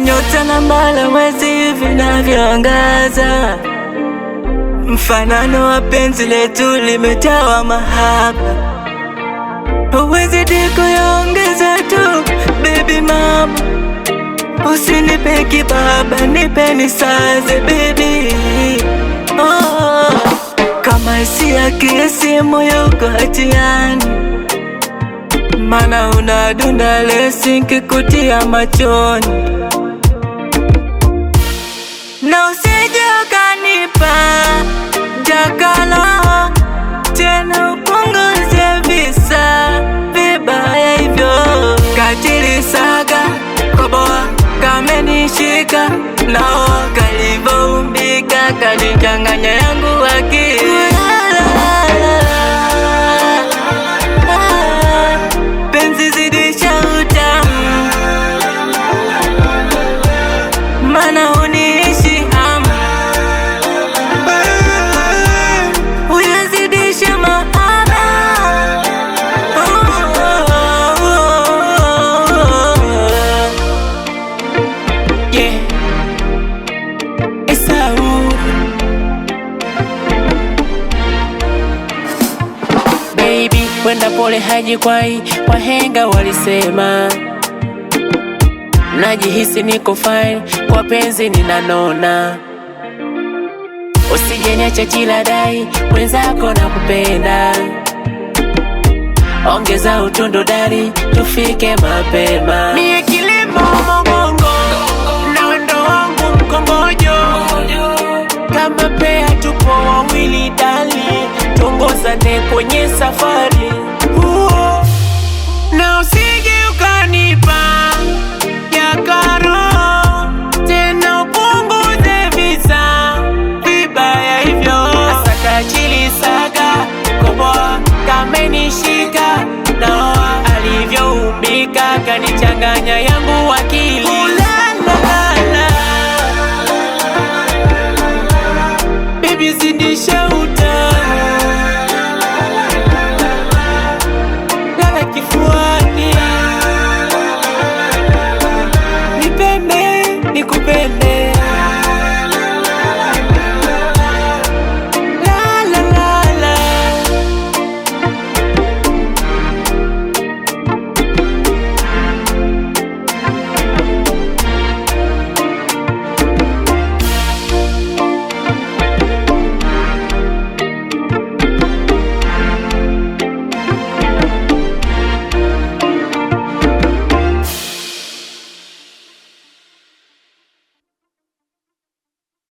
nyota na mbala mwezi vinavyoangaza, mfanano wa penzi letu limetawa mahaba, huwezi kuyaongeza tu baby mama, usinipe kibaba, nipe nisaze baby oh. Kama hisia kesi moyo uko hatiani mana unadunda lesi nkikutia machoni unaokaribika katika nganya yangu kwenda pole haji kwai wahenga walisema. Najihisi niko fine, kwa penzi ninanona. Usijenyeche chila dai, mwenzako na kupenda. Ongeza utundo dali, tufike mapema. Mie kilimo kwenye safari uo, na usije ukanipa ya tena, upunguze visa vibaya hivyo. Saka koboa, kamenishika naoa alivyoumbika kanichanganya